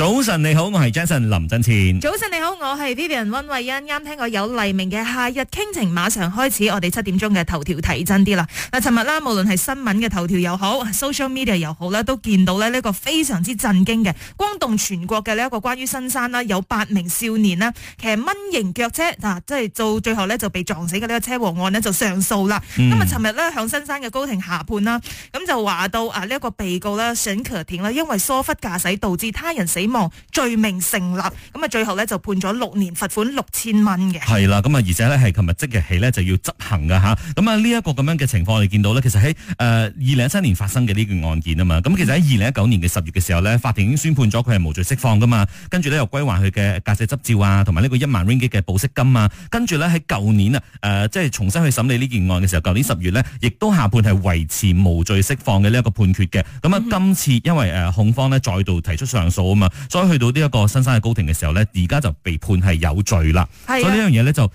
早晨你好，我係 Jason 林振前。早晨你好，我係 Vivian 溫慧欣。啱聽過有黎明嘅夏日傾情，馬上開始我哋七點鐘嘅頭條睇真啲啦。嗱，尋日啦，無論係新聞嘅頭條又好，social media 又好啦，都見到咧呢個非常之震驚嘅，轟動全國嘅呢一個關於新山啦，有八名少年啦騎蚊型腳車嗱，即、啊、係、就是、到最後咧就被撞死嘅呢個車禍案咧就上訴啦。咁啊尋日咧向新山嘅高庭下判啦，咁就話到啊呢一個被告啦，沈橋田啦，因為疏忽駕駛導致他人死希望罪名成立，咁啊最後呢就判咗六年罰6，罰款六千蚊嘅。係啦，咁啊而且呢係琴日即日起呢就要執行噶吓。咁啊呢一個咁樣嘅情況，我哋見到呢其實喺誒二零一七年發生嘅呢件案件啊嘛。咁其實喺二零一九年嘅十月嘅時候呢，法庭已經宣判咗佢係無罪釋放噶嘛。跟住呢又歸還佢嘅駕駛執照啊，同埋呢個一萬 ringgit 嘅保釋金啊。跟住呢喺舊年啊誒、呃，即係重新去審理呢件案嘅時候，舊年十月呢亦都下判係維持無罪釋放嘅呢一個判決嘅。咁啊今次因為誒控方呢再度提出上訴啊嘛。再去到呢一個新山嘅高庭嘅時候呢，而家就被判係有罪啦。啊、所以呢樣嘢呢，就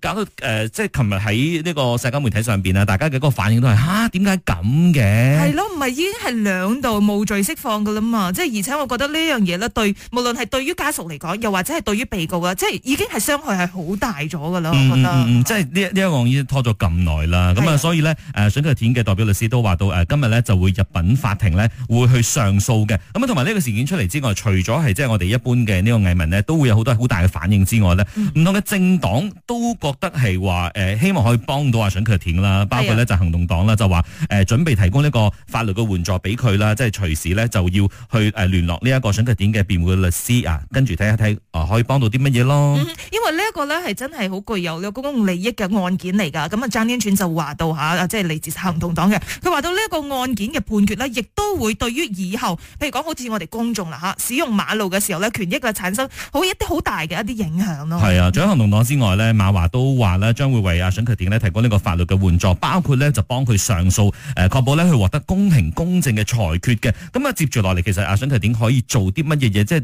搞到誒、呃，即係琴日喺呢個社交媒體上邊啊，大家嘅一個反應都係嚇，點解咁嘅？係咯，唔係已經係兩度無罪釋放嘅啦嘛。即係而且我覺得呢樣嘢呢，對無論係對於家屬嚟講，又或者係對於被告啊，即係已經係傷害係好大咗嘅啦。我覺得，嗯即係呢呢一項已經拖咗咁耐啦。咁啊，所以呢，誒、啊，上訴庭嘅代表律師都話到誒、啊，今日呢就會入禀法庭呢，會去上訴嘅。咁啊，同埋呢個事件出嚟之外，除除咗係即係我哋一般嘅呢個藝文呢，都會有好多好大嘅反應之外呢，唔同嘅政黨都覺得係話誒，希望可以幫到阿沈屈田啦，包括呢就行動黨啦，就話誒，準備提供呢個法律嘅援助俾佢啦，即係隨時呢就要去誒聯絡呢一個沈屈田嘅辯護嘅律師啊，跟住睇一睇啊可以幫到啲乜嘢咯，嗯。因為呢一個呢係真係好具有有公共利益嘅案件嚟噶，咁啊，張天傳就話到吓，即係嚟自行動黨嘅，佢話到呢一個案件嘅判決呢，亦都會對於以後譬如講好似我哋公眾啦吓使用。馬路嘅時候咧，權益嘅產生好一啲好大嘅一啲影響咯。係啊，除咗行動黨之外咧，馬華都話咧將會為阿沈提鼎咧提供呢個法律嘅援助，包括咧就幫佢上訴，誒確保咧佢獲得公平公正嘅裁決嘅。咁啊，接住落嚟，其實阿沈提鼎可以做啲乜嘢嘢，即係。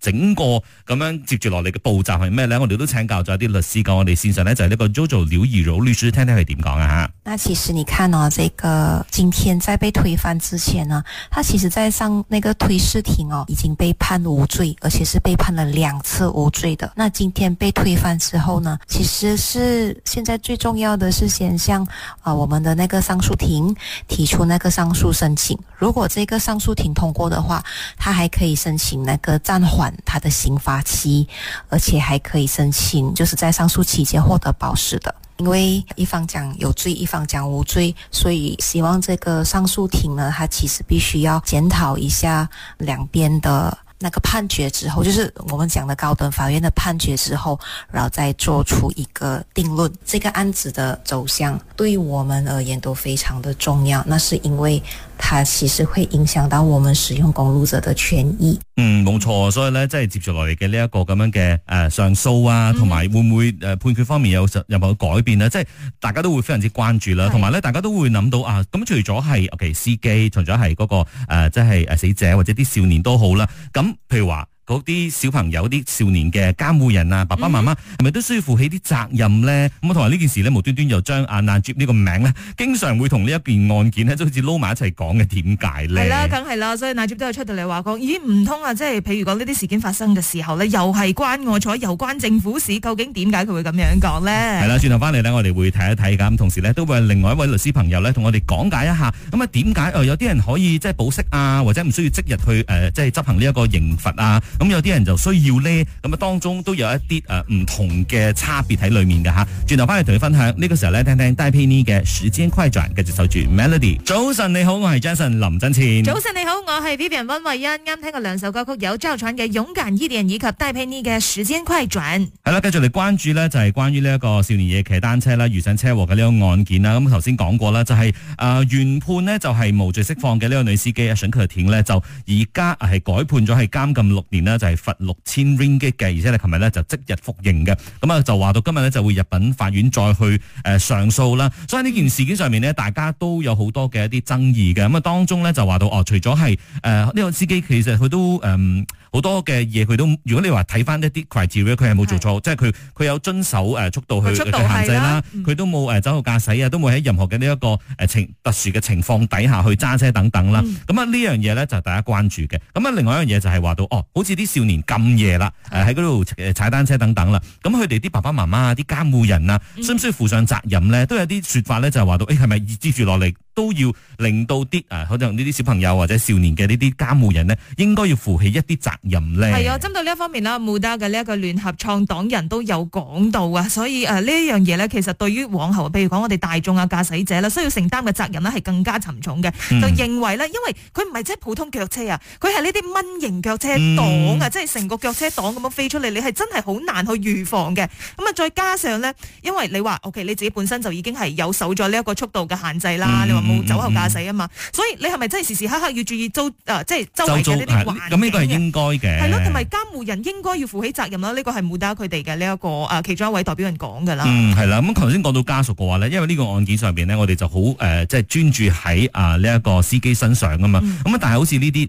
整個咁樣接住落嚟嘅步驟係咩呢？我哋都請教咗一啲律師，講我哋線上呢，就係呢個 Jojo 鳥兒佬律師，聽聽係點講啊吓？那其實你看哦，這個今天在被推翻之前呢，他其實在上那個推事庭哦已經被判無罪，而且是被判了兩次無罪的。那今天被推翻之後呢，其實是現在最重要嘅是先向啊、呃、我們的那個上訴庭提出那個上訴申請。如果這個上訴庭通過的話，他還可以申請那個暫緩。他的刑罰期，而且還可以申請，就是在上訴期間獲得保釋的。因為一方講有罪，一方講無罪，所以希望這個上訴庭呢，他其實必須要檢討一下兩邊的那個判決之後，就是我們講的高等法院的判決之後，然後再做出一個定論。這個案子的走向，對於我們而言都非常的重要。那是因為。它其實會影響到我們使用公路者的權益。嗯，冇錯，所以呢，即係接住落嚟嘅呢一個咁樣嘅誒上訴啊，同、嗯、埋會唔會誒判決方面有任何改變呢？即係大家都會非常之關注啦，同埋呢，大家都會諗到啊，咁除咗係其司機，除咗係嗰個誒，即係誒死者或者啲少年都好啦，咁譬如話。嗰啲小朋友、啲少年嘅監護人啊，爸爸媽媽係咪都需要負起啲責任呢？咁、嗯、啊，同埋呢件事呢，無端端又將阿娜接呢個名呢，經常會同呢一件案件呢，都好似撈埋一齊講嘅，點解咧？係啦，梗係啦，所以娜接都有出到嚟話講，咦，唔通啊，即係譬如講呢啲事件發生嘅時候，呢，又係關我錯，又關政府事，究竟點解佢會咁樣講呢？係啦，轉頭翻嚟呢，我哋會睇一睇㗎，咁同時呢，都會另外一位律師朋友呢，同我哋講解一下，咁啊，點解有啲人可以即係保釋啊，或者唔需要即日去誒，即、呃、係執行呢一個刑罰啊？咁、嗯、有啲人就需要呢，咁、嗯、啊，當中都有一啲誒唔同嘅差別喺裏面嘅吓，轉頭翻去同你分享，呢、這個時候咧，聽聽戴佩妮嘅《時間快轉》，繼續守住 Melody。早晨你好，我係 Jason 林振倩，早晨你好，我係 Vivian 溫慧欣。啱聽過兩首歌曲，有趙傳嘅《勇敢依人》以及戴佩妮嘅《時間快轉》。係啦，繼續嚟關注咧，就係、是、關於呢一個少年夜騎單車啦，遇上車禍嘅呢個案件啦。咁頭先講過啦，就係、是、誒、呃、原判咧，就係、是、無罪釋放嘅呢個女司機 Ashington 咧，就而家係改判咗係監禁六年。就係、是、罰六千 ringgit 嘅，而且你琴日咧就即日服刑嘅，咁啊就話到今日咧就會入稟法院再去誒上訴啦。所以呢件事件上面呢，大家都有好多嘅一啲爭議嘅。咁啊當中咧就話到哦，除咗係誒呢個司機，其實佢都誒好、嗯、多嘅嘢佢都，如果你話睇翻一啲 criteria 咧，佢係冇做錯，是即係佢佢有遵守誒速度去嘅限制啦，佢都冇誒酒後駕駛啊、嗯，都冇喺任何嘅呢一個誒情特殊嘅情況底下去揸車等等啦。咁啊呢樣嘢咧就是大家關注嘅。咁啊另外一樣嘢就係話到哦，好似啲少年咁夜啦，誒喺嗰度誒踩單車等等啦，咁佢哋啲爸爸媽媽啊、啲監護人啊，需唔需要負上責任咧？都有啲說法咧，就係話到，誒係咪要支住落嚟？都要令到啲啊，可能呢啲小朋友或者少年嘅呢啲監護人咧，應該要負起一啲責任咧。係啊，針對呢一方面啦，穆德嘅呢一個聯合創黨人都有講到啊，所以誒呢一樣嘢咧，其實對於往後譬如講我哋大眾啊、駕駛者啦，需要承擔嘅責任咧係更加沉重嘅、嗯。就認為咧，因為佢唔係即係普通腳車啊，佢係呢啲蚊型腳車黨啊，即係成個腳車黨咁樣飛出嚟，你係真係好難去預防嘅。咁啊，再加上咧，因為你話 OK，你自己本身就已經係有守咗呢一個速度嘅限制啦、嗯，你話酒後駕駛啊嘛、嗯嗯，所以你係咪真係時時刻刻要注意周啊？即周，周圍嘅呢啲環境嘅？係咯，同埋監護人應該要負起責任啦。呢、呢個係冇得佢哋嘅呢一個啊，其中一位代表人講嘅啦。嗯，係啦。咁頭先講到家屬嘅話呢，因為呢個案件上邊呢，我哋就好誒，即、呃、係、就是、專注喺啊呢一個司機身上啊嘛。咁、嗯、但係好似呢啲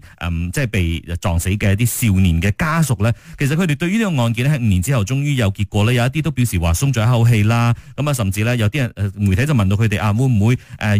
即係被撞死嘅一啲少年嘅家屬呢，其實佢哋對於呢個案件咧，五年之後終於有結果呢，有一啲都表示話鬆咗一口氣啦。咁啊，甚至有啲人媒體就問到佢哋啊，會唔會誒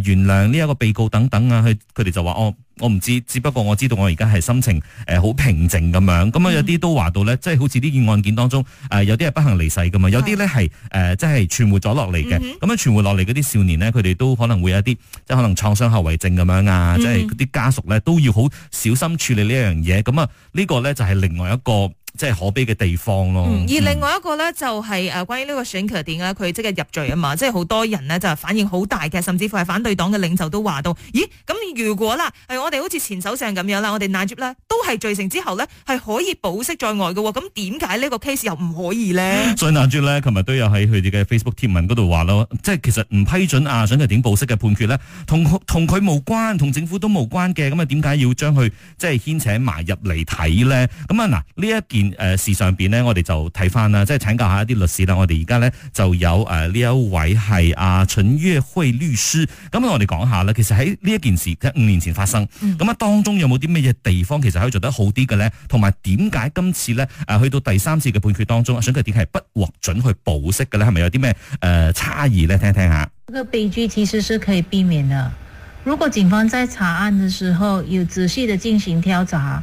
原諒呢一個被告等等啊，佢佢哋就話哦，我唔知，只不過我知道我而家係心情誒好平靜咁樣。咁啊有啲都話到咧、嗯，即係好似呢件案件當中誒有啲係不幸離世噶嘛，有啲咧係誒即係存活咗落嚟嘅。咁樣存活落嚟嗰啲少年呢，佢哋都可能會有一啲即係可能創傷後遺症咁樣啊，即係嗰啲家屬咧都要好小心處理呢一樣嘢。咁啊呢個咧就係另外一個。即係可悲嘅地方咯、嗯。而另外一個咧，就係誒關於呢個選舉點啊，佢即係入罪啊嘛，即係好多人呢，就反應好大嘅，甚至乎係反對黨嘅領袖都話到，咦，咁如果啦，係我哋好似前首相咁樣啦，我哋納吉咧都係罪成之後呢，係可以保釋在外嘅喎，咁點解呢個 case 又唔可以呢？」所以納吉咧，琴日都有喺佢哋嘅 Facebook 貼文嗰度話咯，即係其實唔批准啊選舉點保釋嘅判決呢，同同佢無關，同政府都無關嘅，咁啊點解要將佢即係牽扯埋入嚟睇呢？咁啊嗱，呢一件。誒，事上邊呢，我哋就睇翻啦，即係請教一下一啲律師啦。我哋而家呢，就有誒呢一位係阿陳月慧律師，咁我哋講下啦。其實喺呢一件事，即五年前發生，咁啊當中有冇啲咩嘢地方，其實可以做得好啲嘅呢？同埋點解今次呢去到第三次嘅判決當中，想佢點解係不獲准去保釋嘅呢？係咪有啲咩誒差異呢？聽一聽一下，這個悲劇其實是可以避免的。如果警方在查案的時候有仔細地進行調查。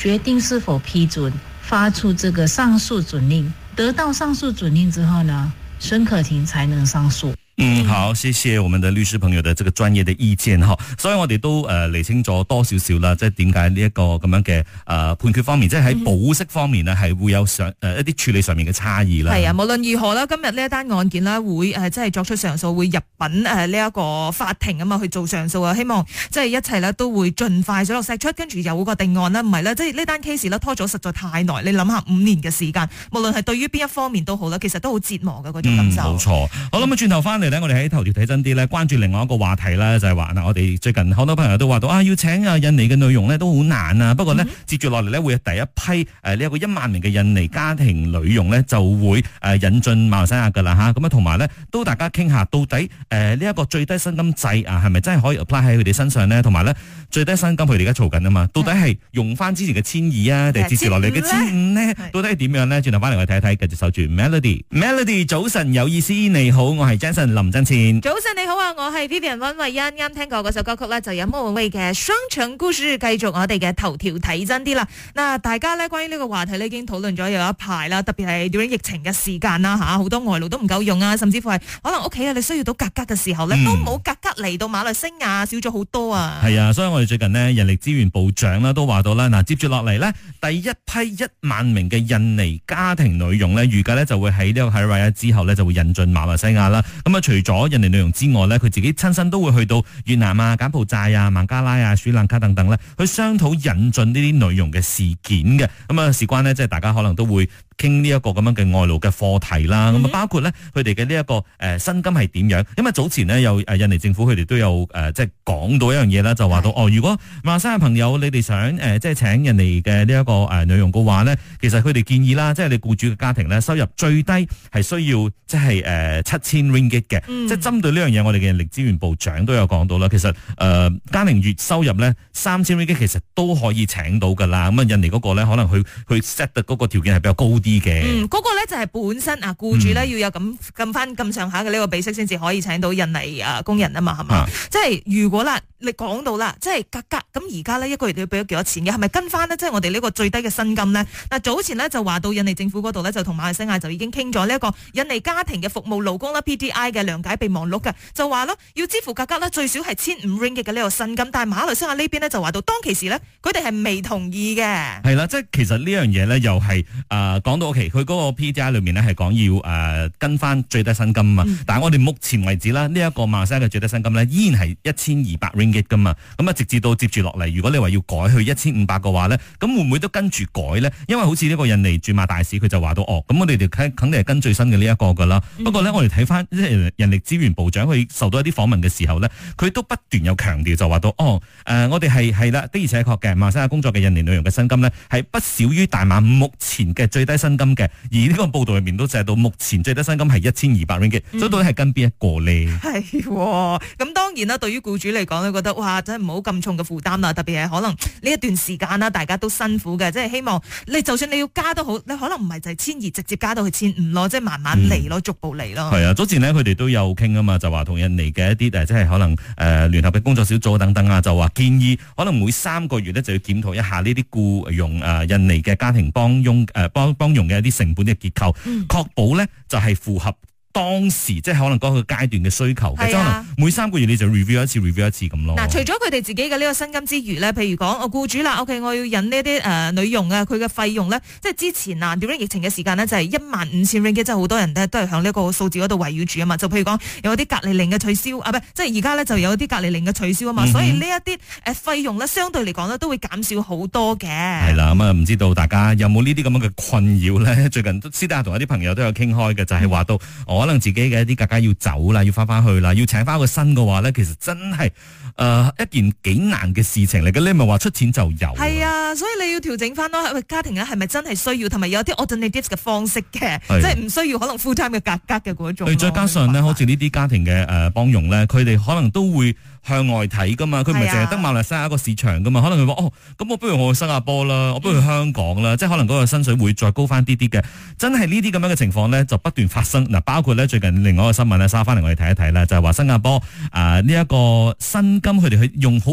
決定是否批准發出這個上訴准令，得到上訴准令之後呢，孫可庭才能上訴。嗯，好，謝謝我們的律師朋友的這個專業的意見，所以我哋都誒厘、呃、清咗多少少啦，即係點解呢一個咁樣嘅誒、呃、判決方面，即係喺保釋方面咧係、嗯、會有上一啲處理上面嘅差異啦。係啊，無論如何啦，今日呢一單案件咧會即係、呃、作出上訴，會入稟誒呢一個法庭啊嘛去做上訴啊，希望即係一切咧都會盡快水落石出，跟住有個定案不是啦，唔係啦，即係呢單 case 咧拖咗實在太耐，你諗下五年嘅時間，無論係對於邊一方面都好啦，其實都好折磨嘅嗰、嗯、種感受。冇錯，好啦咁轉頭翻嚟。我哋喺頭條睇真啲咧，關注另外一個話題啦，就係話嗱，我哋最近好多朋友都話到啊，要請啊印尼嘅內容咧都好難啊。不過呢，嗯、接住落嚟咧會有第一批誒呢、呃、一個一萬名嘅印尼家庭女傭呢就會誒引進馬來西亞噶啦吓。咁啊同埋呢，都大家傾下到底誒呢一個最低薪金制啊係咪真係可以 apply 喺佢哋身上呢？同埋呢最低薪金佢哋而家嘈緊啊嘛是，到底係用翻之前嘅千二啊，定係接住落嚟嘅千五呢是？到底係點樣呢？轉頭翻嚟我哋睇一睇，繼續守住 Melody。Melody 早晨有意思，你好，我係 Jason。林真賢，早晨你好啊，我係 Vivian 溫慧欣，啱聽過嗰首歌曲咧，就有 Mo Wei 嘅《雙城故事》。繼續我哋嘅頭條睇真啲啦。嗱，大家呢，關於呢個話題呢，已經討論咗有一排啦，特別係 during 疫情嘅時間啦吓，好多外勞都唔夠用啊，甚至乎係可能屋企啊你需要到格格嘅時候呢、嗯，都冇格格嚟到馬來西亞，少咗好多啊。係啊，所以我哋最近呢，人力資源部長啦都話到啦。嗱，接住落嚟呢，第一批一萬名嘅印尼家庭女傭呢，預計呢就會喺呢個喺 v 之後呢，就會引進馬來西亞啦。咁啊～除咗印尼女傭之外咧，佢自己親身都會去到越南啊、柬埔寨啊、孟加拉啊、斯里蘭卡等等咧，去商討引進呢啲女傭嘅事件嘅。咁啊，事關呢，即係大家可能都會傾呢一個咁樣嘅外勞嘅課題啦。咁、嗯、啊，包括呢佢哋嘅呢一個誒薪、呃、金係點樣？因為早前呢，有誒印尼政府佢哋都有誒、呃、即係講到一樣嘢啦，就話到哦、呃，如果馬生嘅朋友你哋想誒即係請人哋嘅呢一個誒女、呃、傭嘅話呢，其實佢哋建議啦，即係你雇主嘅家庭呢，收入最低係需要即係誒七千 ringgit 嘅。呃 7, 嘅、嗯，即係針對呢樣嘢，我哋嘅人力資源部長都有講到啦。其實，誒、呃，家庭月收入咧三千美金，美金其實都可以請到噶啦。咁啊，印尼嗰個咧，可能去去 set 嗰個條件係比較高啲嘅。嗯，嗰、那個咧就係本身啊，僱主咧要有咁咁翻咁上下嘅呢個比息先至可以請到印尼啊工人，是不是啊嘛，係嘛？即係如果啦你講到啦，即係價格咁而家呢，一個月都要俾咗幾多錢嘅？係咪跟翻呢？即係我哋呢個最低嘅薪金呢？嗱早前呢，就話到印尼政府嗰度呢，就同馬來西亞就已經傾咗呢一個印尼家庭嘅服務勞工啦 PDI 嘅諒解備忘錄嘅，就話囉，要支付價格呢，最少係千五 ring 嘅呢個薪金，但係馬來西亞呢邊呢，就話到當其時呢，佢哋係未同意嘅。係啦，即係其實呢樣嘢呢，又係啊講到，其實佢嗰個 PDI 裏面呢，係講要啊跟翻最低薪金啊嘛、嗯，但係我哋目前為止啦，呢、這、一個馬來西亞嘅最低薪金呢，依然係一千二百 ring。嘛，咁啊，直至到接住落嚟，如果你話要改去一千五百嘅話呢，咁會唔會都跟住改呢？因為好似呢個印尼駐馬大使佢就話到哦，咁我哋哋肯定係跟最新嘅呢一個噶啦、嗯。不過呢，我哋睇翻即係人力資源部長佢受到一啲訪問嘅時候呢，佢都不斷有強調就話到哦，誒、呃，我哋係係啦，的而且確嘅，馬來西亞工作嘅印尼女傭嘅薪金呢，係不少於大馬目前嘅最低薪金嘅。而呢個報道入面都寫到目前最低薪金係一千二百令吉嘅，所到底係跟邊一個呢係，咁、哦、當然啦，對於僱主嚟講覺得哇，真係唔好咁重嘅負擔啦，特別係可能呢一段時間啦，大家都辛苦嘅，即係希望你就算你要加都好，你可能唔係就係千二直接加到去千五咯，即係慢慢嚟咯、嗯，逐步嚟咯。係啊，早前呢，佢哋都有傾啊嘛，就話同印尼嘅一啲即係可能誒、呃，聯合嘅工作小組等等啊，就話建議可能每三個月咧就要檢討一下呢啲僱用誒、呃、印尼嘅家庭幫傭誒、呃、幫幫傭嘅一啲成本嘅結構，嗯、確保咧就係符合。當時即係可能嗰個階段嘅需求，啊、可能每三個月你就 review 一次，啊，review 一次咁咯。嗱，除咗佢哋自己嘅呢個薪金之餘呢，譬如講，我雇主啦，OK，我要引呢啲誒女傭啊，佢嘅費用呢，即係之前啊 during 疫情嘅時間呢，就係一萬五千 ringgit，即係好多人咧都係響呢個數字嗰度圍繞住啊嘛。就譬如講，有啲隔離令嘅取消啊，唔係，即係而家咧就有啲隔離令嘅取消啊嘛、嗯，所以呢一啲誒費用呢，相對嚟講咧都會減少好多嘅。係啦、啊，咁啊唔知道大家有冇呢啲咁樣嘅困擾呢？最近私底下同一啲朋友都有傾開嘅，就係、是、話到、嗯可能自己嘅一啲格格要走啦，要翻翻去啦，要請翻個新嘅話咧，其實真係誒、呃、一件幾難嘅事情嚟嘅。你咪係話出錢就有？係啊，所以你要調整翻咯。家庭啊，係咪真係需要同埋有啲 alternative 嘅方式嘅？即係唔需要可能 full time 嘅格格嘅嗰種。再加上咧，好似呢啲家庭嘅誒幫傭咧，佢哋可能都會。向外睇噶嘛，佢唔係淨係得馬來西亞一個市場噶嘛，啊、可能佢話哦，咁我不如我去新加坡啦，我不如去香港啦，嗯、即係可能嗰個薪水會再高翻啲啲嘅。真係呢啲咁樣嘅情況咧，就不斷發生嗱，包括咧最近另外一個新聞咧，收翻嚟我哋睇一睇啦就係、是、話新加坡啊呢一個薪金佢哋去用好。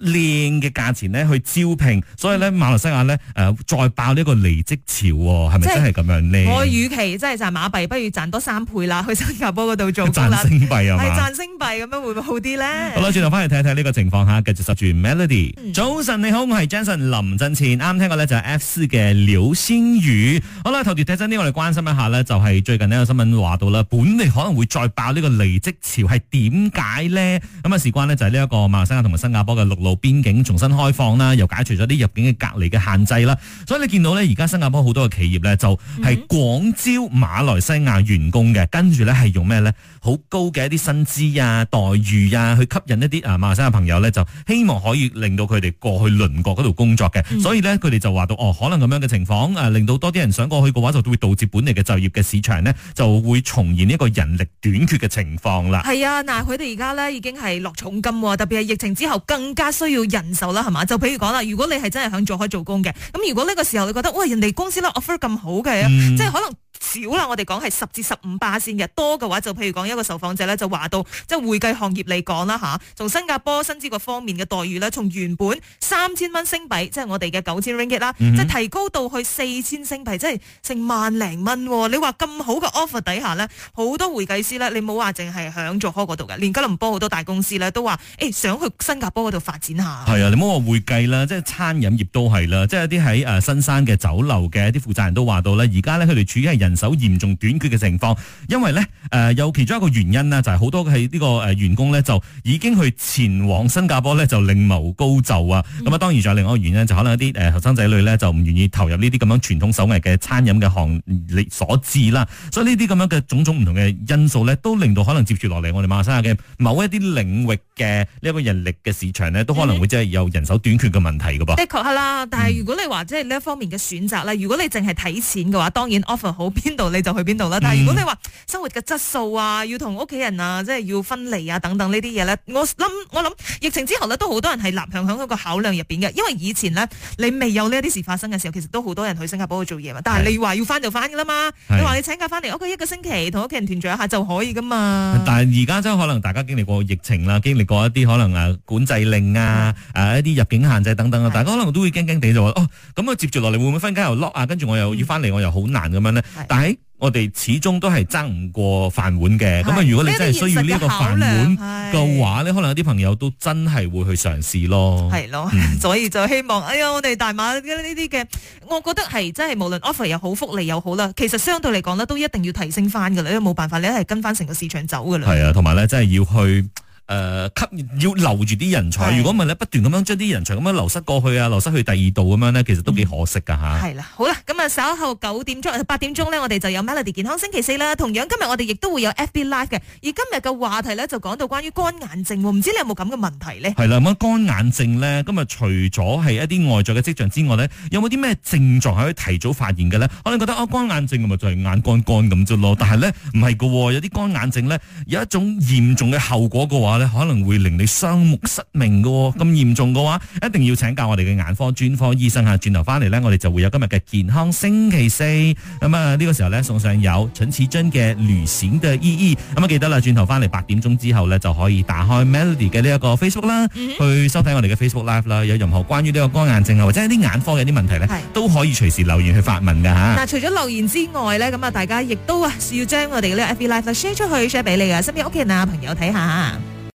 靚嘅價錢咧去招聘，所以咧馬來西亞呢誒再爆呢個離職潮喎，係咪真係咁樣呢？我與其真係就係馬幣不如賺多賺三倍啦，去新加坡嗰度做啦。賺星幣啊嘛，係賺星幣咁樣會唔會好啲呢？嗯、好啦，轉頭翻去睇一睇呢個情況下繼續守住 Melody。嗯、早晨你好，我係 Jason 林振前。啱啱聽過咧就係 F C 嘅廖先宇。好啦，頭條睇真啲，我哋關心一下呢，就係最近呢個新聞話到啦，本地可能會再爆呢個離職潮，係點解呢？咁啊事關呢，就係呢一個馬來西亞同埋新加坡嘅陸邊境重新開放啦，又解除咗啲入境嘅隔離嘅限制啦，所以你見到呢，而家新加坡好多嘅企業呢，就係廣招馬來西亞員工嘅，跟住呢，係用咩呢？好高嘅一啲薪資啊、待遇啊，去吸引一啲啊馬來西亞朋友呢，就希望可以令到佢哋過去鄰國嗰度工作嘅。Mm-hmm. 所以呢，佢哋就話到哦，可能咁樣嘅情況誒，令到多啲人想過去嘅話，就會導致本地嘅就業嘅市場呢，就會重現一個人力短缺嘅情況啦。係啊，嗱，佢哋而家呢，已經係落重金，特別係疫情之後更加。需要人手啦，係嘛？就譬如講啦，如果你係真係想做開做工嘅，咁如果呢個時候你覺得，喂，人哋公司啦 offer 咁好嘅，嗯，即係可能。少啦，我哋講係十至十五巴仙嘅，多嘅話就譬如講一個受訪者咧就話到，即係會計行業嚟講啦吓，從新加坡薪資個方面嘅待遇咧，從原本三千蚊星幣，即係我哋嘅九千 ringgit 啦，即係提高到去四千星幣，即係成萬零蚊。你話咁好嘅 offer 底下呢，好多會計師呢，你冇話淨係響做開嗰度嘅，連吉隆坡好多大公司咧都話，誒想去新加坡嗰度發展下。係啊，你唔好話會計啦，即係餐飲業都係啦，即係一啲喺誒新山嘅酒樓嘅一啲負責人都話到咧，而家呢，佢哋處於係人。人手嚴重短缺嘅情況，因為呢，誒、呃、有其中一個原因呢，就係、是、好多係呢個誒員工呢，就已經去前往新加坡呢，就另謀高就啊，咁啊當然仲有另外一個原因，就可能一啲誒後生仔女呢，呃、就唔願意投入呢啲咁樣傳統手藝嘅餐飲嘅行列所致啦，所以呢啲咁樣嘅種種唔同嘅因素呢，都令到可能接住落嚟我哋馬來西亞嘅某一啲領域。嘅呢一個人力嘅市場咧，都可能會真係有人手短缺嘅問題噶噃、嗯。的確係啦，但係如果你話即係呢一方面嘅選擇咧、嗯，如果你淨係睇錢嘅話，當然 offer 好邊度你就去邊度啦。但係如果你話生活嘅質素啊，要同屋企人啊，即係要分離啊等等呢啲嘢咧，我諗我諗疫情之後咧，都好多人係南向響嗰個考量入邊嘅，因為以前咧你未有呢一啲事發生嘅時候，其實都好多人去新加坡去做嘢嘛。但係你話要翻就翻噶啦嘛，你話你請假翻嚟屋企一個星期同屋企人團聚一下就可以噶嘛。但係而家真係可能大家經歷過疫情啦，經歷。嗰一啲可能啊管制令啊，啊一啲入境限制等等啊，大家可能都會驚驚地就話哦，咁我接住落嚟會唔會翻家又 lock 啊？跟住我又要翻嚟、嗯，我又好難咁樣咧。但係我哋始終都係爭唔過飯碗嘅。咁啊，如果你真係需要呢個飯碗嘅話咧，可能有啲朋友都真係會去嘗試咯。係咯、嗯，所以就希望，哎呀，我哋大馬呢啲嘅，我覺得係真係無論 offer 又好，福利又好啦，其實相對嚟講咧，都一定要提升翻噶啦，因為冇辦法，你係跟翻成個市場走噶啦。係啊，同埋咧，真係要去。誒、呃、吸要留住啲人才，如果唔係咧，不，不斷咁樣將啲人才咁樣流失過去啊，流失去第二度咁樣呢，其實都幾可惜㗎吓，係啦，好啦，咁啊，稍後九點鐘、八點鐘呢，我哋就有 Melody 健康星期四啦。同樣今日我哋亦都會有 FB Live 嘅。而今日嘅話題呢，就講到關於乾眼症，唔知你有冇咁嘅問題呢？係啦，咁乾眼症呢，今日除咗係一啲外在嘅跡象之外呢，有冇啲咩症狀可以提早發現嘅呢？可能覺得哦、啊，乾眼症咪就係、是、眼乾乾咁啫咯，但係呢，唔係㗎喎，有啲乾眼症呢，有一種嚴重嘅後果嘅話，可能會令你雙目失明噶、哦，咁嚴重嘅話，一定要請教我哋嘅眼科專科醫生吓。轉頭翻嚟呢，我哋就會有今日嘅健康星期四。咁啊，呢個時候呢，送上有陳綺貞嘅旅行嘅意義。咁啊，記得啦，轉頭翻嚟八點鐘之後呢，就可以打開 Melody 嘅呢一個 Facebook 啦、嗯，去收睇我哋嘅 Facebook Live 啦。有任何關於呢個乾眼症啊，或者一啲眼科嘅啲問題呢，都可以隨時留言去發問噶吓。嗱、嗯，除咗留言之外呢，咁啊，大家亦都啊要將我哋嘅呢個 FB Live share 出去，share 俾你啊身邊屋企人啊朋友睇下